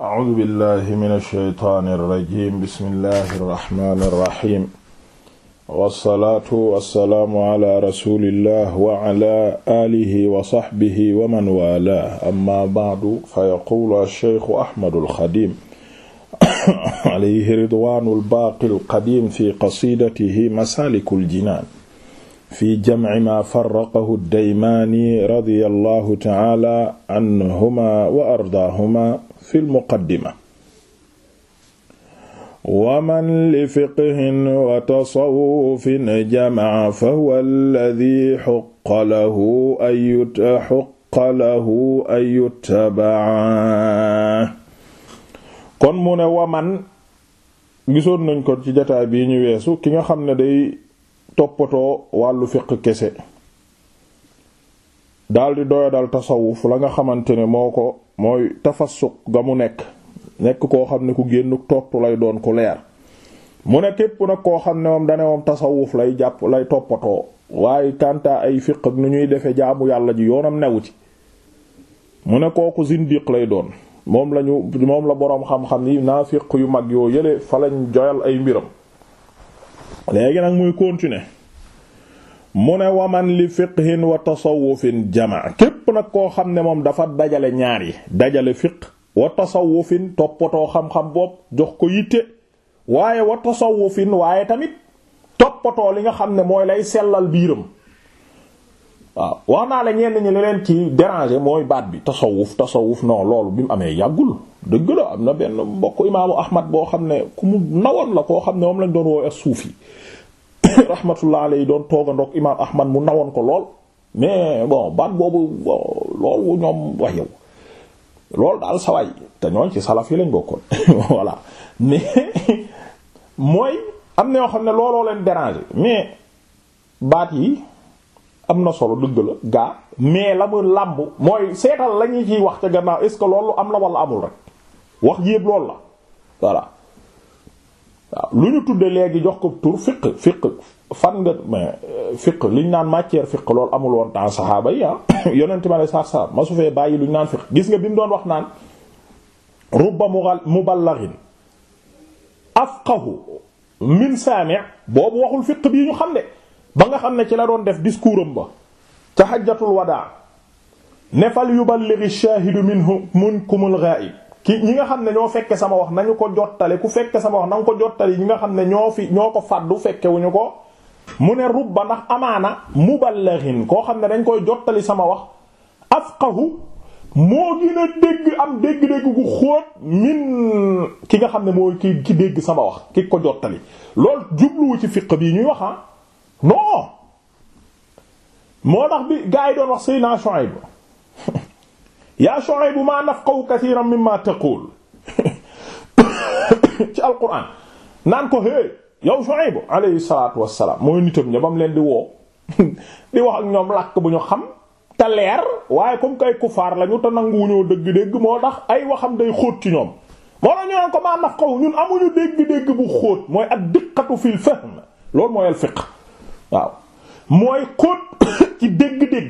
أعوذ بالله من الشيطان الرجيم بسم الله الرحمن الرحيم والصلاة والسلام على رسول الله وعلى آله وصحبه ومن والاه أما بعد فيقول الشيخ أحمد الخديم عليه رضوان الباقي القديم في قصيدته مسالك الجنان في جمع ما فرقه الديماني رضي الله تعالى عنهما وأرضاهما fil muqaddima waman li fiqhin wa tasawufin jamaa fahuwa alladi xuqa lahu ayut xuqa lahu kon mu ne waman gisoon nañ ko ci jataay bii ñu weesu ki nga xam ne day toppatoo wàllu fiq kese daldi doyadal tasawuf la nga xamante ne moo ko mooy tafassuq ga mu nekk nekk koo xam ne ku génn topp lay doon ku leer mu ne képp nag koo xam ne moom dane moom tasawuf lay jàpp lay toppatoo waaye kanta ay fiq nu ñuy defee jaamu yàlla ji yoonam newu ci mu ne kooku zindiq lay doon moom lañu la boroom xam-xam yi naafiq yu mag yoo yële fa lañ joyal ay mbiram léegi nag muy continuer mu ne waman li fiqhin wa tasawufin jamaa képp nag koo xam ne moom dafa dajale ñaar yi dajale fiq wa tasawufin toppatoo xam-xam boobu jox ko yitte waaye wa tasawufin waaye tamit toppatoo li nga xam ne mooy lay sellal biiram waaw wax naa la ñenn ñi leen ci déranger mooy baat bi tasawuf tasawuf non loolu bi mu amee yàggul dëgg la am na benn mbokk imaamu Ahmad boo xam ne ku mu nawoon la koo xam ne moom lañ doon suuf yi rahmatullah alayhi doon toogandoog imaam Ahmad mu nawoon ko lool mais bon baat boobu lool loolu ñoom wax yow loolu daal sawaay te ñooñ ci salaf yi lañ bokkoon voilà mais mooy am na yoo xam ne looloo leen déranger mais baat yi am na solo dëgg la gaa mais la mu làmb mooy seetal la ñu ciy wax ca gannaaw est ce que loolu am na wala amul rek wax ji yëpp loolu la voilà. waaw lu ñu tuddee léegi jox ko tur fiq fiq fan nga mais euh, fiq liñ naan matière fiq loolu amul woon temps saxaaba yi ah yonente ma lay saar-saar ma su bàyyi lu naan fiq gis nga bi mu doon wax naan rubba muballighin afqahu min saami' boobu waxul fiq bii ñu xam ne ba nga xam ne ci la doon def discours am ba ca hajjatul wadaa ne fal yuballighi ash-shahidu minhu minkumul ghaib ki ñi nga xam ne ñoo fekke sama wax nañu ko jottale ku fekke sama wax na ko jottale ñi nga xam ne ñoo fi ñoo ko fàddu ñu ko mu ne rubba ndax amaana muballighin koo xam ne dañ koy jottali sama wax afqahu moo gën a dégg am dégg-dégg gu xóot min ki nga xam ne moo ki ki dégg sama wax ki ko jottali loolu jubluwu ci fiq bii ñuy wax ah non moo tax bi gaa yi doon wax Seydina Shuaib yaa Shuayb maa nafqahu kathiran mimma taqul ci alquran naan ko hey yow Shuayb alayhi salaatu wassalaam mooy nitam ña ba mu leen di woo di wax ak ñoom làkk bu ñu xam te leer waaye comme kay kufaar lañu te nanguwuñoo dëgg-dëgg moo tax ay waxam day xóot ci ñoom. moo la ñu ko maa nafqahu ñun amuñu dégg-dégg bu xóot mooy ak diqqatu fil fahm loolu mooy al fiqh waaw mooy xóot ci dégg-dégg.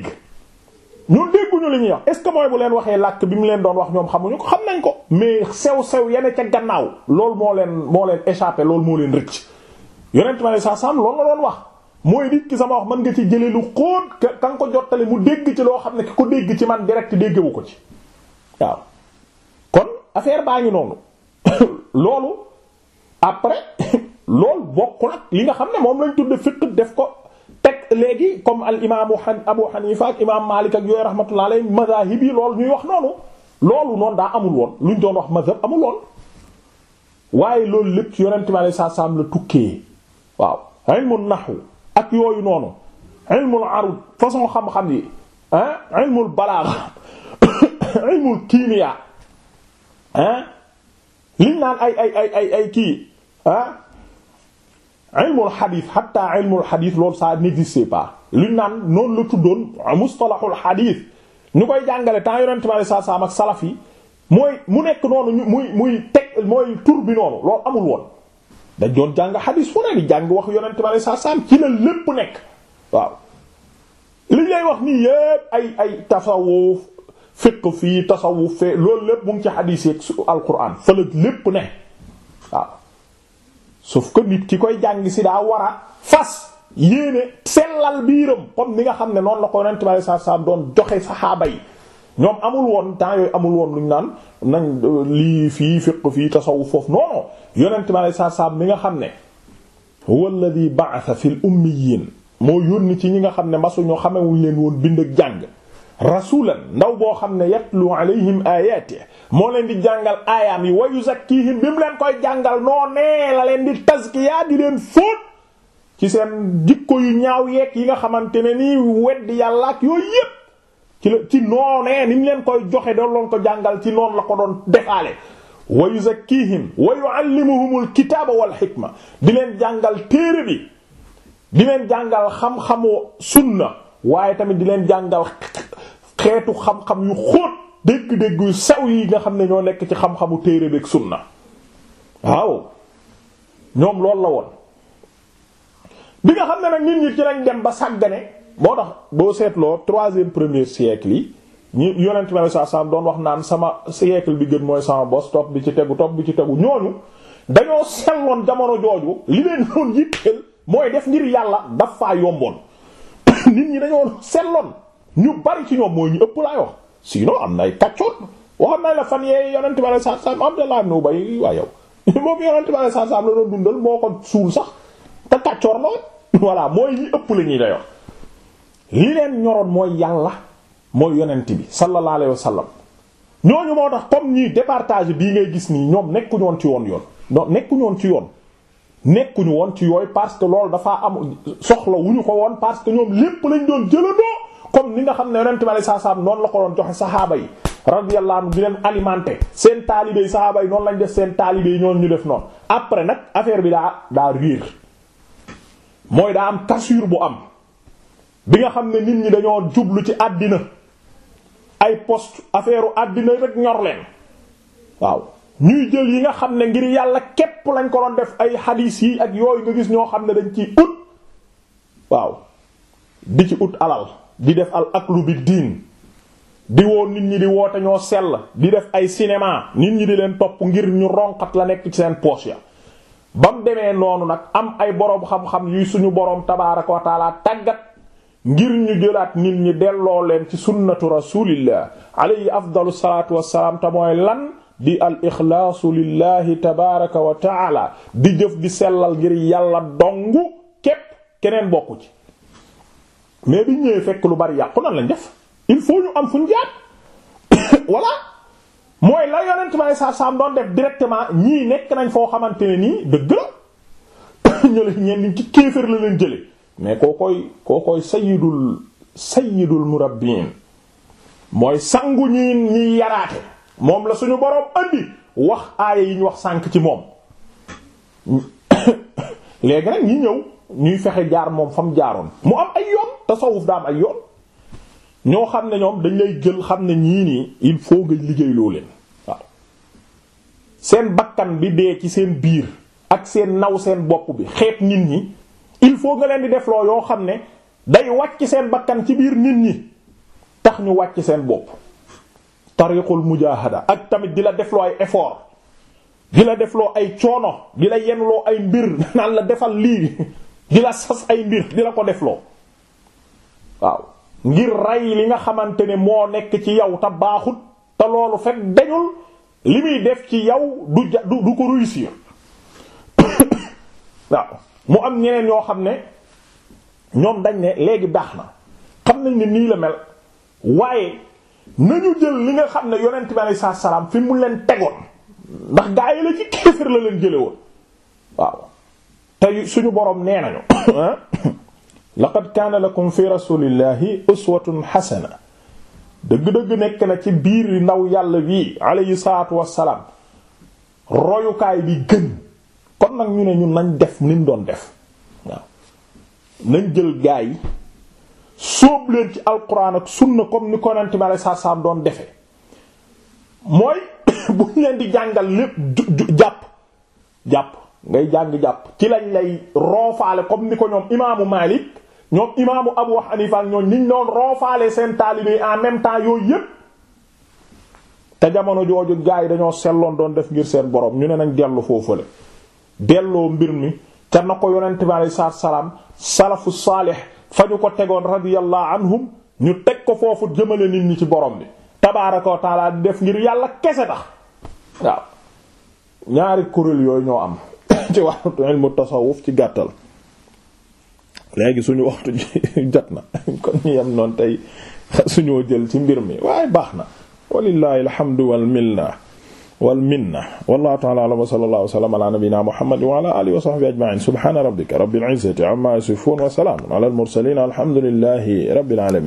xamuñu li ñuy wax est-ce que mooy bu leen waxee làkk bi mu leen doon wax ñoom xamuñu ko xam nañ ko mais sew-sew yene ca gannaaw loolu moo leen moo leen échappé loolu moo leen rëcc yonent ma ne sa sam loolu la doon wax mooy nit ki sama wax man nga ci jëlee lu xóot ka nga ko jottali mu dégg ci loo xam ne ki ko dégg ci man direct déggewu ko ci waaw kon affaire baa ngi noonu loolu après loolu bokk nag li nga xam ne moom lañ tudd fiq def ko léegi comme al imaamu Abu Hanifa ak imaam Maalik ak yooyu rahmatullah alayhi mazahib yi loolu ñuy wax noonu loolu noonu daa amul woon lu ñu doon wax mazhab amul woon waaye loolu lépp ci yonent bi alayhi salaam la tukkee waaw ilmul nahw ak yooyu noonu ilmul arud façon xam-xam yi ah ilmul balagha ilmul kimia ah liñ naan ay ay ay ay ay kii ah ilmul xadis xatta ilmul xadis loolu ça n'existait pas luñ naan noonu la tuddoon mustalahul xadis ñu koy jàngale temps yonent bi saa saam ak salaf yi mooy mu nekk noonu muy muy teg mooy tur bi noonu loolu amul woon. dañ doon jàng xadis fu ne di jàng wax yonent bi saa saam ci la lépp nekk waaw liñ lay wax nii yépp ay ay tasawuf fiqh fii tasawuf fee loolu lépp mu ngi ci xadis yeeg su alquran fa la lépp ne waaw. sauf que nit ki koy jàng si daa war a fas yéene sellal biiram comme ni nga xam ne noonu la ko yonent bi sallallahu alayhi wasallam doon joxe saxaaba yi ñoom amul woon temps yooyu amul woon lu ñu naan nañ euh, lii fii fiq fii tasawuf foofu non non yonent bi sallallahu alayhi mi nga xam ne la alladhi ba'atha fil ummiyyin moo yónni ci ñi nga xam ne masuñoo xamewuñ leen woon bind ak jàng rasulan ndaw boo xam ne yatlu alayhim ayaatihi moo leen di jàngal aayaam yi wa yuzakkihim bi mu leen koy jàngal noo nee la leen di tazkiya di leen fóot ci seen jikko yu ñaaw yeeg yi nga xamante ne nii weddi yàlla ak yooyu yépp ci la ci noonee ni mu leen koy joxe doon loon ko jàngal ci noonu la ko doon defaale wa yuzakkihim wa yuallimuhumul kitaaba wal hikma di leen jàngal téere bi di leen jàngal xam-xamu sunna waaye tamit di leen jàngal xeetu xam-xam yu xóot dégg-dégg yu sew yi nga xam ne ñoo nekk ci xam-xamu téere beek na waaw ñoom loolu la woon bi nga xam ne nag nit ñi ci lañ dem ba sàggane boo tax boo seetloo troisième premier siècle yi ñu yonent ma saa saam doon wax naan sama siècle bi gën mooy sama bos topp bi ci tegu topp bi ci tegu ñooñu dañoo selloon jamono jooju li leen doon yitteel mooy def ngir yàlla daf faa yomboon nit ñi dañoo seetloon ñu bari ci ñoom mooy ñu ëpp laay wax sinon am nay kàccoot waxoon nañ la fan yee yonent bi sallallahu alayhi wasallam Abdallah waa yow moom yonent bi sallallahu alayhi wasallam la doon dundal moo ko suul sax te kàccoor lool voilà mooy ñi ëpp la ñuy day wax li leen ñoroon mooy yàlla mooy yonent bi sallallahu alayhi wasallam ñooñu moo tax comme ñii départage bii ngay gis nii ñoom nekkuñoon ci woon yoon non nekkuñoon ci yoon nekkuñu woon ci yooyu parce que loolu dafaa am soxla ñu ko woon parce que ñoom lépp lañ doon jëlandoo comme ni nga xam ne yonent bi saa saam noonu la ko doon joxe saxaaba yi radiyallahu anhu di leen alimenté seen taalibe saxaaba yi noonu lañ def seen taalibe yi ñoon ñu def noonu après nag affaire bi daa daa riir mooy daa am cassure bu am bi nga xam ne nit ñi dañoo jublu ci àddina ay poste affaire u àddina rek ñor leen waaw ñuy jël yi nga xam ne ngir yàlla képp lañ ko doon def ay xadiis yi ak yooyu nga gis ñoo xam ne dañ ciy ut waaw di ci ut alal di def al aklu bi diin di woo nit ñi di woote ñoo sell di def ay cinéma nit ñi di leen topp ngir ñu ronqat la nekk ci seen poos ya ba mu demee noonu nag am ay boroom xam-xam suñu boroom tabaaraka wa tàggat ngir ñu jëlaat nit ñi delloo leen ci sunnatu rasulillah alayhi afdalu salaatu wassalaam te mooy lan di al ixlaasu lillahi tabaraka di jëf di sellal ngir yàlla dong képp keneen bokku ci mais bi ñëwee fekk lu bari yàqu nan lañ def il faut ñu am fu ñu jaar voilà mooy la yonent may sa sam doon def directement ñii nekk nañ foo xamante ne nii dëgg la ñu ñeen ci kéefër la leen jële mais koo koy koo koy sayyidul sayyidul murabbiin mooy sangu ñi ñiy yaraate moom la suñu boroom andi wax aaya yi wax sànk ci moom léegi nag ñi ñëw ñuy fexe jaar moom fa mu jaaroon mu am ay yoon tasawuf daa am ay yoon ñoo xam ne ñoom dañ lay jël xam ne ñii nii il faut nga liggéey loo leen waaw seen bakkan bi dee ci seen biir ak seen naw seen bopp bi xeet nit ñi il faut nga leen di def loo yoo xam ne day wàcc seen bakkan ci biir nit ñi tax ñu wàcc seen bopp tariqul mujahada ak tamit di la defloo ay effort di la defloo ay coono di la yenloo ay mbir naan la defal lii di la sas ay mbir di la ko defloo waaw ngir rey li nga xamante ne moo nekk ci yow te baaxut te loolu fekk dañul li muy def ci yow du ja du ko réussir waaw mu am ñeneen yoo xam ne ñoom dañ ne léegi baax na xam nañ ne nii la mel waaye nañu jël li nga xam ne yonent bi alayhi salaam fi mu leen tegoon ndax gaa yi la ci kéefër la leen jële woon waaw te suñu boroom nee nañu laqad kaana lakum fi rasulillahi uswatun hasana dëgg-dëgg nekk na ci biir yi ndaw yàlla bii alayhi salaatu wassalaam royukaay bi gën kon nag ñu ne ñun nañ def niñ doon def waaw nañ jël gaa yi sóob leen ci alquran ak sunna comme ni ko nante bi aleyhi salaam doon defe mooy buñ leen di jàngal lépp jàpp jàpp ngay jàng jàpp ci lañ lay roofaale comme ni ko ñoom imaamu Maalik ñoom imaamu Abu Hanifa ñoom niñ doon roofaale seen taalibe en même temps yooyu yépp te jamono jooju gaa yi dañoo selloon doon def ngir seen boroom ñu ne nañ dellu la delloo mbir mi te na ko yonent bi aleyhi salaam salafu saalih fa ñu ko tegoon radiyallahu anhum ñu teg ko foofu jëmale nit ñi ci borom bi tabaaraka wa def ngir yàlla kese tax waaw ñaari kuréel yooyu ñoo am ci waxtu ci gàttal léegi suñu waxtu jot na kon ñu yem noonu tey suñoo jël ci mbir mi waaye baax na walillahi alhamdu wal minna wal minna wallahu ta'ala a'lam wa sallallahu wa sallam ala nabiyyina muhammad wa ala alihi wa sahbihi ajma'in subhana rabbika rabbil izzati amma yasifun wa salamun ala al mursalin alhamdulillahi rabbil alamin